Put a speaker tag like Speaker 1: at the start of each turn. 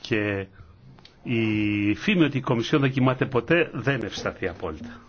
Speaker 1: και η φήμη ότι η Κομισιόν δεν κοιμάται ποτέ δεν ευσταθεί απόλυτα.